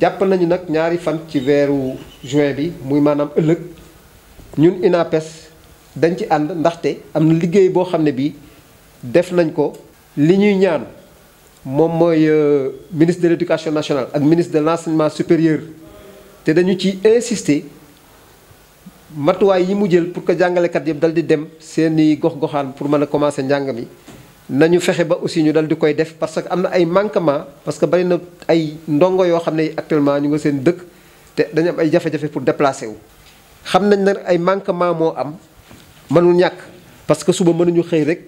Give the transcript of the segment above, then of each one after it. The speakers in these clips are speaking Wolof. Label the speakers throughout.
Speaker 1: jàpp nañu nag ñaari fan ci weeru juin bi muy maanaam ëllëg ñun INAPES dañ ci ànd ndaxte am na liggéey boo xam ne bii def nañ ko li ñuy ñaan moom mooy euh, ministre de l'éducation nationale ak ministre de l'enseignement supérieur te dañu ci insister matuwaay yi mu jël pour que jàngalekat yëpp dal di dem seeni gox-goxaan pour mën a commencer njàng mi nañu fexé ba aussi ñu dal di koy def parce que amna ay manquement parce que bari na ay ndongo yo xamné actuellement ñu nga seen dëkk té dañu am ay jafé jafé pour déplacer wu xam nañ ne ay manquement mo am mënul ñak parce que suba mënu ñu xey rek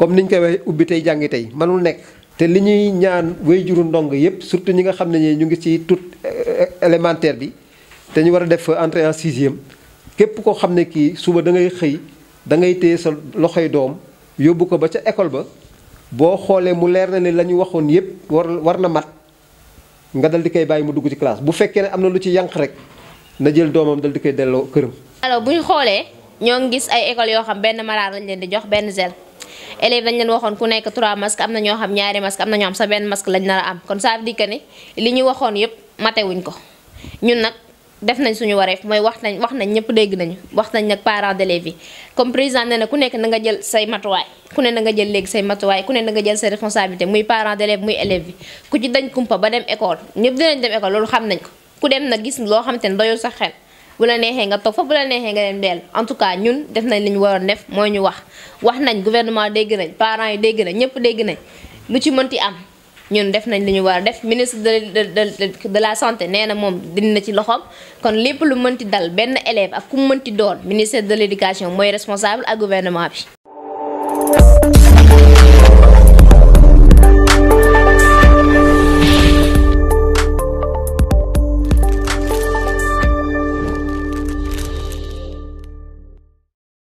Speaker 1: comme niñ koy waxee ubbi tay jangi tay mënul nekk té li ñuy ñaan way juru ndong yépp surtout ñi nga xamné ñu ngi ci tout euh, élémentaire bi té ñu wara def entrée en 6e képp ko xamné ki suba da ngay xey da ngay téye sa loxoy doom yóbbu ko ba ca école ba boo xoolee mu leer na ne la ñu waxoon yépp war war na mat nga dal di koy bàyyi mu dugg ci classe bu fekkee ne am na lu ci yànq rek na jël doomam dal di koy delloo këram.
Speaker 2: alors bu ñu xoolee ñoo ngi gis ay école yoo xam benn maraar lañ leen di jox benn zel élèves dañ leen waxoon ku nekk trois masques am na ñoo xam ñaari mask am na ñoo xam sa benn masque lañ nar am kon ça veut dire que ni li ñu waxoon yépp matewuñ ko ñun nag. def nañ suñu waree mooy wax nañ wax nañ ñëpp dégg nañu wax nañ nag parents d'élèves yi comme président nee ku nekk na nga jël say matuwaay ku ne na nga jël léegi say matuwaay ku ne na nga jël say responsabilité muy parents d'élèves muy élèves bi ku ci dañ kumpa ba dem école ñëpp dinañ dem école loolu xam nañ ko ku dem na gis loo xamante ne doyul sa xel bu la neexee nga toog fa bu la neexee nga dem deel en tout cas ñun def nañ li ñu waroon def mooy ñu wax wax nañ gouvernement dégg nañ parents yi dégg nañ ñëpp dégg nañ lu ci mënti am ñun def nañ li ñu war def ministre de de de la santé nee na moom dina ci loxoom kon lépp lu mënti dal benn élève ak ku mënti doon ministère de l'éducation mooy responsable ak gouvernement bi.